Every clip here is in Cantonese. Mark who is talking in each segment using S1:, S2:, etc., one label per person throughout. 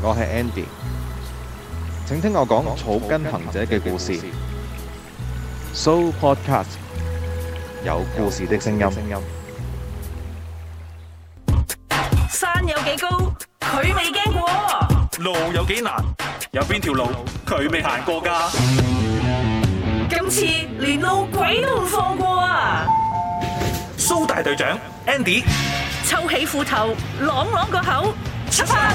S1: 我係 Andy，請聽我講草根行者嘅故事。So podcast 有故事的聲音。山有幾高，佢未經過；路有幾難，有邊條路佢未行過㗎。今次連路鬼都唔放過啊！蘇大隊長 Andy，抽起褲頭，朗朗個口出發。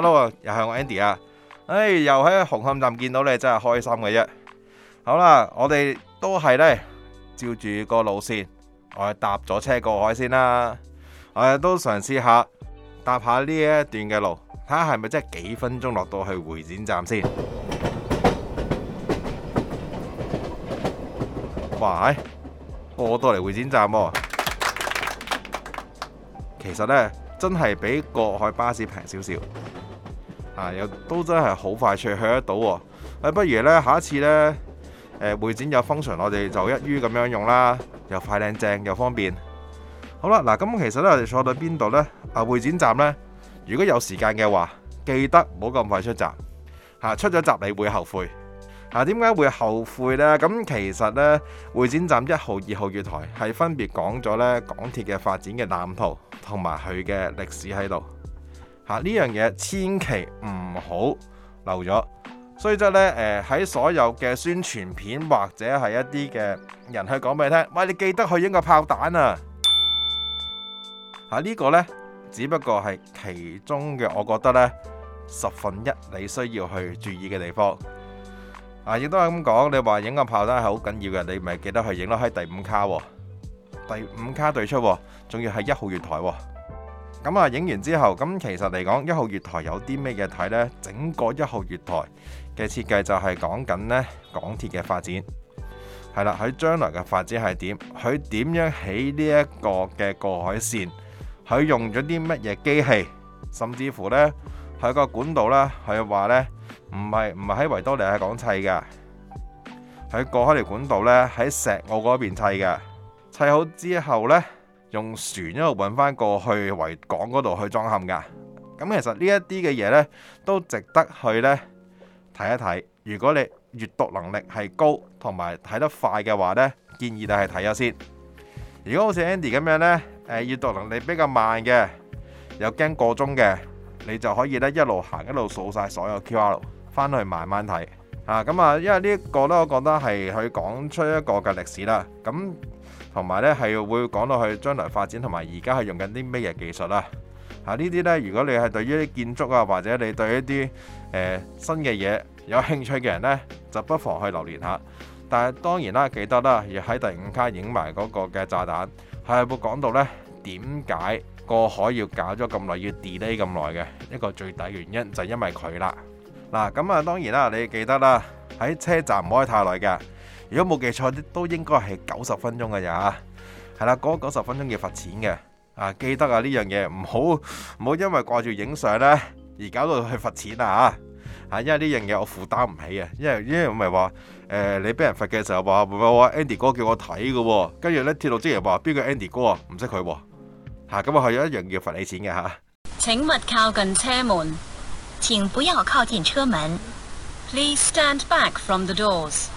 S1: Hello，又係我 Andy 啊！哎，又喺紅磡站見到你，真係開心嘅啫。好啦，我哋都係呢，照住個路線，我哋搭咗車過海先啦。我哋都嘗試下搭下呢一段嘅路，睇下係咪真係幾分鐘落到去會展站先。喂，哎，我到嚟會展站哦、啊。其實呢，真係比過海巴士平少少。啊，又都真係好快速去得到喎、啊！不如咧下一次咧，誒、呃、會展有 function，我哋就一於咁樣用啦，又快靚正又方便。好啦，嗱，咁其實咧，我哋坐到邊度呢？啊，會展站呢，如果有時間嘅話，記得唔好咁快出閘嚇、啊，出咗閘你會後悔嚇。點、啊、解會後悔呢？咁其實呢，會展站一號、二號月台係分別講咗呢港鐵嘅發展嘅藍圖同埋佢嘅歷史喺度。吓、啊、呢樣嘢千祈唔好漏咗，所以即係咧，誒喺所有嘅宣傳片或者係一啲嘅人去講俾你聽，喂，你記得去影個炮彈啊！吓、啊、呢、呢個呢，只不過係其中嘅，我覺得呢十分一你需要去注意嘅地方。啊，亦都係咁講，你話影個炮彈係好緊要嘅，你咪記得去影咯，喺第五卡、喎，第五卡對出、喎，仲要係一號月台、喎。咁啊，影完之後，咁其實嚟講，一號月台有啲咩嘢睇呢？整個一號月台嘅設計就係講緊呢港鐵嘅發展，係啦，佢將來嘅發展係點？佢點樣起呢一個嘅過海線？佢用咗啲乜嘢機器？甚至乎呢，佢個管道呢，佢話呢，唔係唔係喺維多利亞港砌嘅，係過海條管道呢喺石澳嗰邊砌嘅。砌好之後呢，用船一路運返過去維港嗰度去裝嵌噶，咁其實呢一啲嘅嘢呢，都值得去呢睇一睇。如果你閲讀能力係高同埋睇得快嘅話呢，建議你係睇下先。如果好似 Andy 咁樣呢，誒閲讀能力比較慢嘅，又驚過鐘嘅，你就可以呢一路行一路掃晒所有 QR 翻去慢慢睇。啊，咁啊，因為呢一個呢，我覺得係佢講出一個嘅歷史啦。咁同埋咧，係會講到佢將來發展，同埋而家係用緊啲咩嘢技術啦、啊。吓呢啲呢，如果你係對於建築啊，或者你對於一啲誒、呃、新嘅嘢有興趣嘅人呢，就不妨去留言下。但係當然啦，記得啦，要喺第五卡影埋嗰個嘅炸彈。係會講到呢點解過海要搞咗咁耐，要 delay 咁耐嘅，一個最大原因就係、因為佢啦。嗱，咁啊，當然啦，你記得啦，喺車站唔好喺太耐嘅。如果冇記錯，都應該係九十分鐘㗎咋？嚇，係啦，嗰九十分鐘要罰錢嘅。啊，記得啊呢樣嘢，唔好唔好因為掛住影相咧而搞到去罰錢啊嚇嚇、啊，因為呢樣嘢我負擔唔起啊，因為因為我咪話誒你俾人罰嘅時候話喂喂我 Andy 哥叫我睇嘅喎，跟住咧鐵路職員話邊個 Andy 哥啊？唔識佢喎咁啊係有、啊啊、一樣要罰你錢嘅嚇。啊、請勿靠近車門。請不要靠近車門。Please stand back from the doors.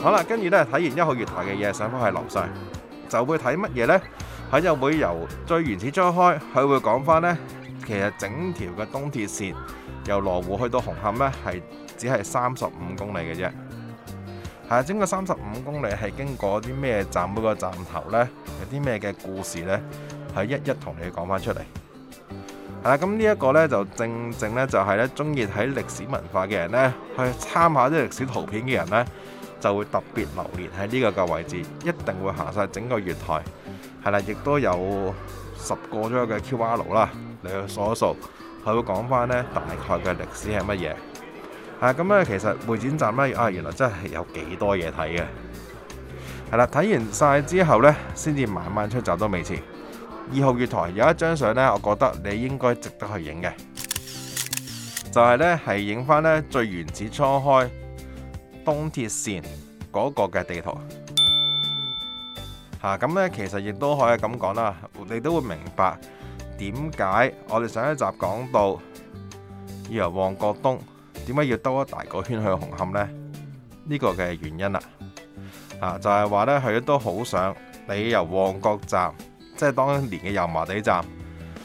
S1: 好啦，跟住呢，睇完一號月台嘅嘢，上返去樓上就會睇乜嘢呢？佢就會由最原始張開，佢會講翻呢，其實整條嘅東鐵線由羅湖去到紅磡呢，係只係三十五公里嘅啫。喺、啊、整個三十五公里係經過啲咩站？每、嗰個站頭呢，有啲咩嘅故事呢？一一同你講翻出嚟係啦，咁呢一個呢就正正呢，就係呢中意睇歷史文化嘅人呢，去參考啲歷史圖片嘅人呢，就會特別留連喺呢個嘅位置，一定會行晒整個月台係啦。亦都有十個左右嘅 Q R No 啦，你去掃一掃，佢會講翻呢大概嘅歷史係乜嘢啊。咁呢其實會展站呢，啊，原來真係有幾多嘢睇嘅係啦。睇完晒之後呢，先至慢慢出閘都未遲。二號月台有一張相呢，我覺得你應該值得去影嘅，就係呢，係影返呢最原始初開東鐵線嗰個嘅地圖嚇。咁呢，其實亦都可以咁講啦，你都會明白點解我哋上一集講到要由旺角東點解要兜一大個圈去紅磡呢？呢個嘅原因啦，啊就係話呢，佢都好想你由旺角站。即係當年嘅油麻地站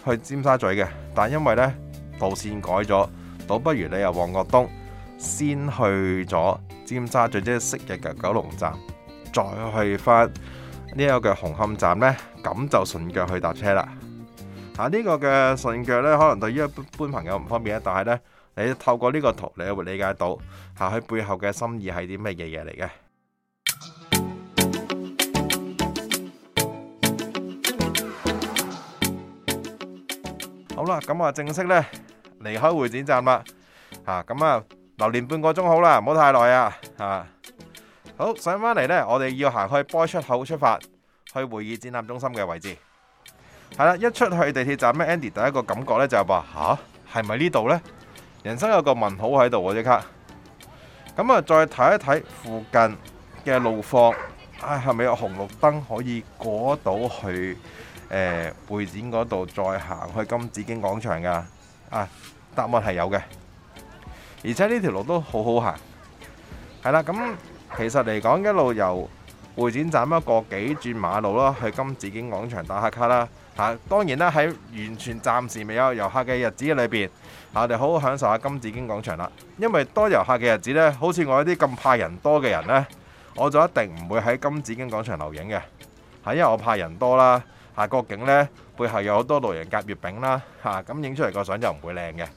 S1: 去尖沙咀嘅，但因為呢路線改咗，倒不如你由旺角東先去咗尖沙咀，即係昔日嘅九龍站，再去返呢個嘅紅磡站呢，咁就順腳去搭車啦。嚇、啊、呢、呢個嘅順腳呢，可能對於一般朋友唔方便咧，但係呢，你透過呢個圖，你會理解到嚇佢、啊、背後嘅心意係啲乜嘢嘢嚟嘅。好啦，咁我啊正式呢，離開會展站啦，啊咁啊留連半個鐘好啦，唔好太耐啊，啊好上返嚟呢，我哋要行去 boy 出口出發去會議展覽中心嘅位置，係啦，一出去地鐵站咧，Andy 第一個感覺呢就係話吓係咪呢度呢？人生有個問號喺度喎，即刻咁啊，再睇一睇附近嘅路況，哎，係咪有紅綠燈可以過到去？誒、呃、會展嗰度再行去金紫荊廣場㗎啊！答案係有嘅，而且呢條路都很好好行，係啦。咁、嗯、其實嚟講，一路由會展站一過幾轉馬路咯，去金紫荊廣場打卡啦嚇。當然啦，喺完全暫時未有遊客嘅日子裏邊，嚇我哋好好享受下金紫荊廣場啦。因為多遊客嘅日子呢，好似我一啲咁怕人多嘅人呢，我就一定唔會喺金紫荊廣場留影嘅嚇、啊，因為我怕人多啦。下個景呢，背後有好多路人甲月餅啦，嚇咁影出嚟個相就唔會靚嘅，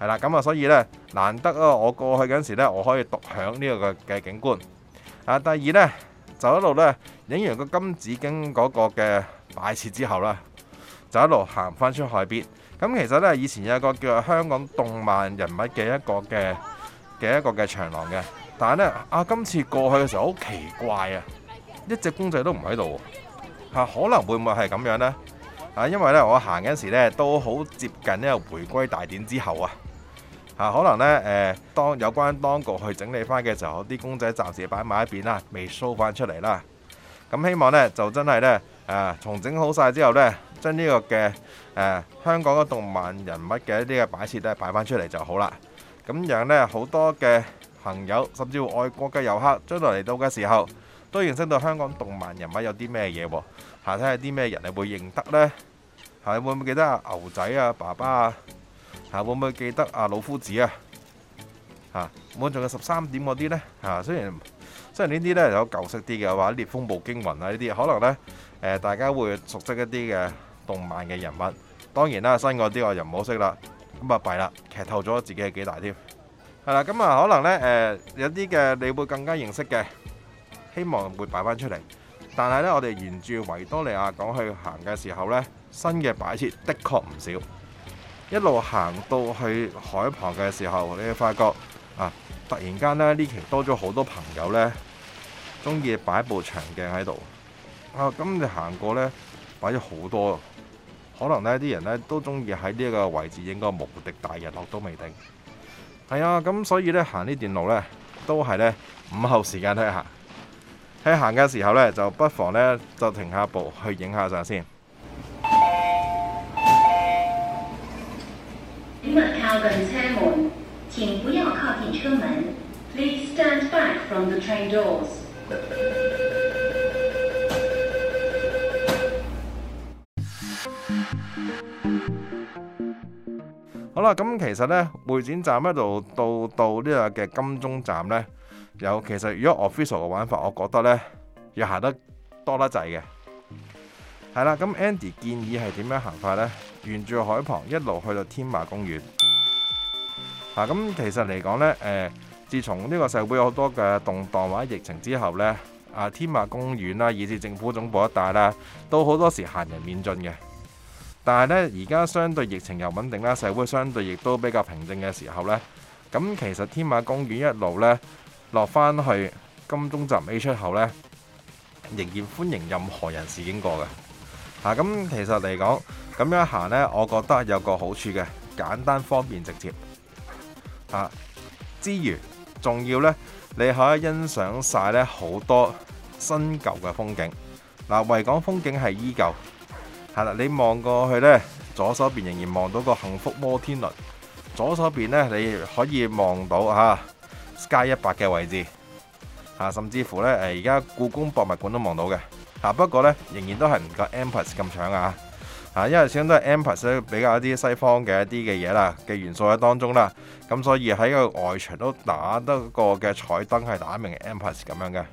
S1: 係啦，咁啊，所以呢，難得啊，我過去嗰陣時呢，我可以獨享呢個嘅景觀。啊，第二呢，就一路呢，影完金子個金紫荊嗰個嘅擺設之後呢，就一路行翻出海邊。咁，啊，其實呢，以前有一個叫做香港動漫人物嘅一個嘅嘅一個嘅長廊嘅，但係呢，啊，今次過去嘅時候好奇怪啊，一隻公仔都唔喺度。嚇，可能會唔會係咁樣呢？嚇，因為呢我行緊時呢都好接近呢個回歸大典之後啊！嚇，可能呢誒，當有關當局去整理返嘅時候，啲公仔暫時擺埋一邊啦，未 show 返出嚟啦。咁希望呢就真係呢誒重整好晒之後呢，將呢個嘅誒香港嘅動漫人物嘅一啲嘅擺設呢擺返出嚟就好啦。咁樣呢好多嘅朋友甚至乎外國嘅遊客將來嚟到嘅時候，都認識到香港動漫人物有啲咩嘢喎？下睇下啲咩人你會認得呢？嚇、啊，會唔會記得阿牛仔啊，爸爸啊，嚇、啊，會唔會記得阿老夫子啊，嚇、啊，冇仲有十三點嗰啲呢？嚇、啊，雖然雖然呢啲呢有舊式啲嘅，或烈風暴驚雲啊》啊呢啲，可能呢，誒、呃、大家會熟悉一啲嘅動漫嘅人物。當然啦，新嗰啲我就唔好識啦，咁啊弊啦，劇透咗自己係幾大添？係啦，咁啊可能呢，誒、呃、有啲嘅你會更加認識嘅。希望會擺翻出嚟，但係呢，我哋沿住維多利亞港去行嘅時候呢，新嘅擺設的確唔少。一路行到去海旁嘅時候，你會發覺啊，突然間呢，呢期多咗好多朋友呢，中意擺部長鏡喺度啊。咁你行過呢，擺咗好多，可能呢啲人呢，都中意喺呢個位置，應該無敵大日落都未定。係啊，咁所以呢，行呢段路呢，都係呢，午後時間去行。喺行嘅時候呢，就不妨呢，就停下步去影下相先。請不要靠近車門。Please stand back from the train doors. 好啦，咁其實呢，會展站一度到到呢個嘅金鐘站呢，有其實如果 official 嘅玩法，我覺得呢要行得多得滯嘅。係啦，咁 Andy 建議係點樣行法呢？沿住海旁一路去到天馬公園。 啊，咁其實嚟講呢，誒、呃，自從呢個社會有好多嘅動盪或者疫情之後呢，啊，天馬公園啦，以至政府總部一帶啦，都好多時行人免進嘅。但係咧，而家相對疫情又穩定啦，社會相對亦都比較平靜嘅時候呢。咁其實天馬公園一路呢落返去金鐘站 A 出口呢，仍然歡迎任何人士經過嘅。嚇，咁其實嚟講，咁樣行呢，我覺得有個好處嘅，簡單方便直接。嚇，之餘仲要呢，你可以欣賞晒呢好多新舊嘅風景。嗱，維港風景係依舊。係啦，你望過去呢，左手邊仍然望到一個幸福摩天輪。左手邊呢，你可以望到嚇、啊、Sky 一百嘅位置，嚇、啊、甚至乎呢，誒而家故宮博物館都望到嘅嚇、啊。不過呢，仍然都係唔夠 M+ 咁搶啊嚇、啊，因為始終都係 M+ 比較一啲西方嘅一啲嘅嘢啦嘅元素喺當中啦。咁所以喺個外牆都打得過嘅彩燈係打得明 M+ 咁樣嘅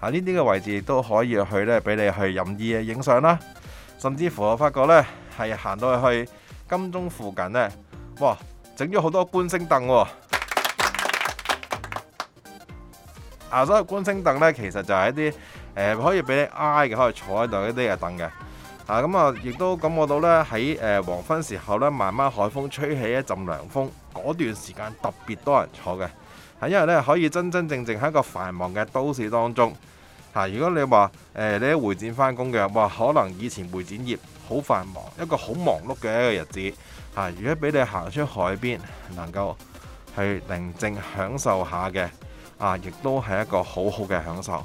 S1: 嚇。呢啲嘅位置都可以去呢，俾你去任意嘅影相啦。甚至乎我發覺呢，係行到去金鐘附近呢，哇，整咗好多觀星凳喎、哦！ 啊，所以觀星凳呢，其實就係一啲誒、呃、可以俾你挨嘅，可以坐喺度一啲嘅凳嘅嚇。咁啊，亦、嗯、都感覺到呢，喺誒黃昏時候呢，慢慢海風吹起一陣涼風，嗰段時間特別多人坐嘅，係、啊、因為呢，可以真真正正喺一個繁忙嘅都市當中。啊！如果你話誒你喺會展翻工嘅話，可能以前會展業好繁忙，一個好忙碌嘅一個日子。嚇！如果俾你行出海邊，能夠去寧靜享受下嘅，啊，亦都係一個好好嘅享受。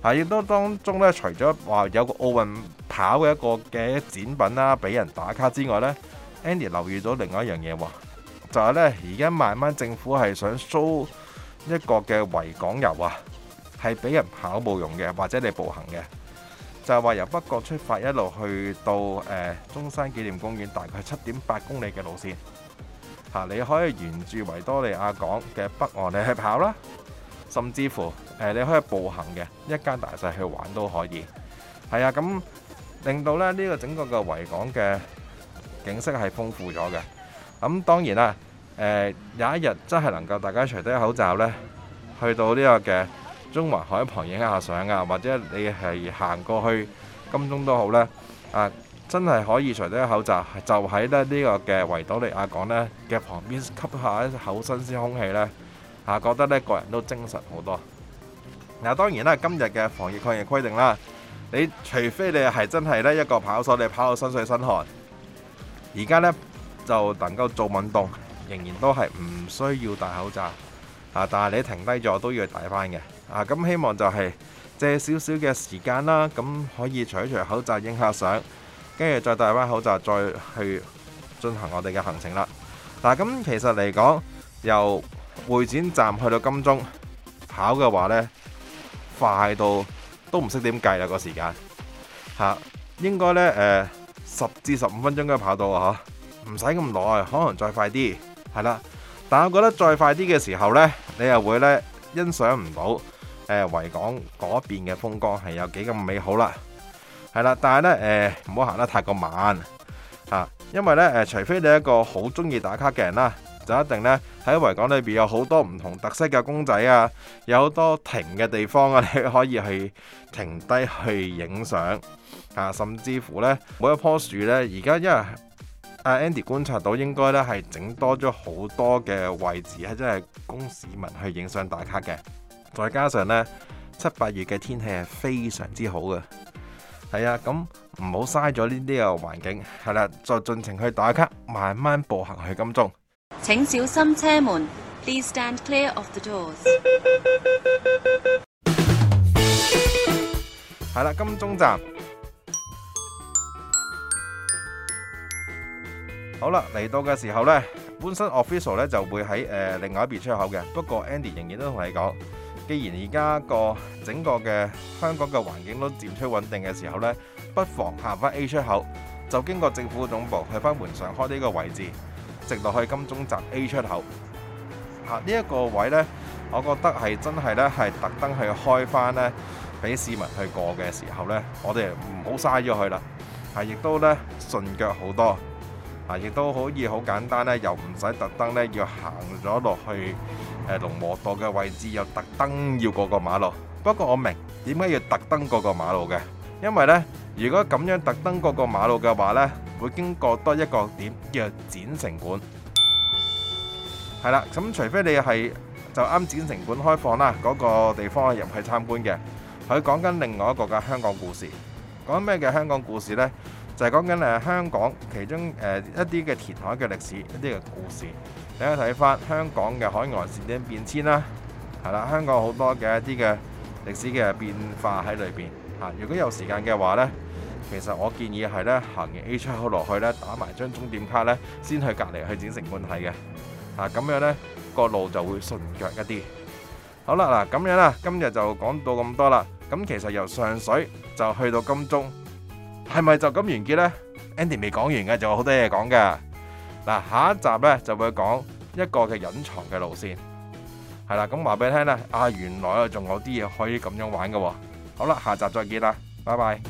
S1: 啊！亦都當中呢，除咗話有個奧運跑嘅一個嘅展品啦，俾人打卡之外呢，Andy 留意到另外一樣嘢喎，就係呢，而家慢慢政府係想 show 一個嘅維港遊啊！係俾人跑步用嘅，或者你步行嘅，就係話由北角出發，一路去到誒中山紀念公園，大概七點八公里嘅路線嚇。你可以沿住維多利亞港嘅北岸你去跑啦，甚至乎誒你可以步行嘅，一家大細去玩都可以。係啊，咁令到咧呢個整個嘅維港嘅景色係豐富咗嘅。咁當然啦，誒有一日真係能夠大家除低口罩呢，去到呢個嘅。中環海旁影下相啊，或者你係行過去金鐘都好、啊、深深呢。啊，真係可以除低口罩，就喺咧呢個嘅維多利亞港呢，嘅旁邊吸下一口新鮮空氣呢，啊覺得呢個人都精神好多。嗱、啊，當然啦，今日嘅防疫抗疫規定啦，你除非你係真係呢一個跑手，你跑到身水身汗，而家呢，就能夠做運動，仍然都係唔需要戴口罩啊。但係你停低咗都要戴翻嘅。啊，咁希望就係借少少嘅時間啦，咁可以除一除口罩影下相，跟住再戴翻口罩再去進行我哋嘅行程啦。嗱、啊，咁其實嚟講，由會展站去到金鐘跑嘅話呢，快到都唔識點計啦、個時間嚇、啊，應該呢，誒十至十五分鐘都跑到啊，唔使咁耐，可能再快啲係啦。但係我覺得再快啲嘅時候呢，你又會呢，欣賞唔到。誒，維港嗰邊嘅風光係有幾咁美好啦，係啦，但係咧誒，唔好行得太過慢啊，因為咧誒，除非你一個好中意打卡嘅人啦，就一定咧喺維港裏邊有好多唔同特色嘅公仔啊，有好多停嘅地方啊，你可以去停低去影相啊，甚至乎咧每一棵樹咧，而家因為阿 Andy 觀察到，應該咧係整多咗好多嘅位置，係真係供市民去影相打卡嘅。再加上呢，七八月嘅天氣係非常之好嘅，係啊，咁唔好嘥咗呢啲嘅環境，係啦、啊，再盡情去打卡，慢慢步行去金鐘。請小心車門，Please stand clear of the doors。係啦、 啊，金鐘站好啦、啊，嚟到嘅時候呢，本身 official 咧就會喺、呃、另外一邊出口嘅，不過 Andy 仍然都同你講。既然而家個整個嘅香港嘅環境都漸趨穩定嘅時候咧，不妨行翻 A 出口，就經過政府總部，去翻門常開呢個位置，直落去金鐘站 A 出口。啊，呢一個位咧，我覺得係真係咧，係特登去開翻咧，俾市民去過嘅時候咧，我哋唔好嘥咗佢啦。啊，亦都咧順腳好多，啊，亦都可以好簡單咧，又唔使特登咧要行咗落去。誒，龍和道嘅位置又特登要過個馬路，不過我明點解要特登過個馬路嘅，因為呢，如果咁樣特登過個馬路嘅話呢，會經過多一個點，叫展城館。係啦，咁 除非你係就啱展城館開放啦，嗰、那個地方入去參觀嘅。佢講緊另外一個嘅香港故事，講咩嘅香港故事呢？就係講緊誒香港其中誒一啲嘅填海嘅歷史一啲嘅故事。睇一睇翻香港嘅海外史點變遷啦，係啦，香港好多嘅一啲嘅歷史嘅變化喺裏邊。吓，如果有時間嘅話咧，其實我建議係咧行完 A 出口落去咧，打埋張終點卡咧，先去隔籬去展城館睇嘅。吓，咁樣咧個路就會順腳一啲。好啦，嗱，咁樣啦，今日就講到咁多啦。咁其實由上水就去到金鐘，係咪就咁完結咧？Andy 未講完嘅，仲有好多嘢講噶。嗱，下一集呢，就會講一個嘅隱藏嘅路線，係啦，咁話俾你聽咧，啊，原來我仲有啲嘢可以咁樣玩嘅喎，好啦，下集再見啦，拜拜。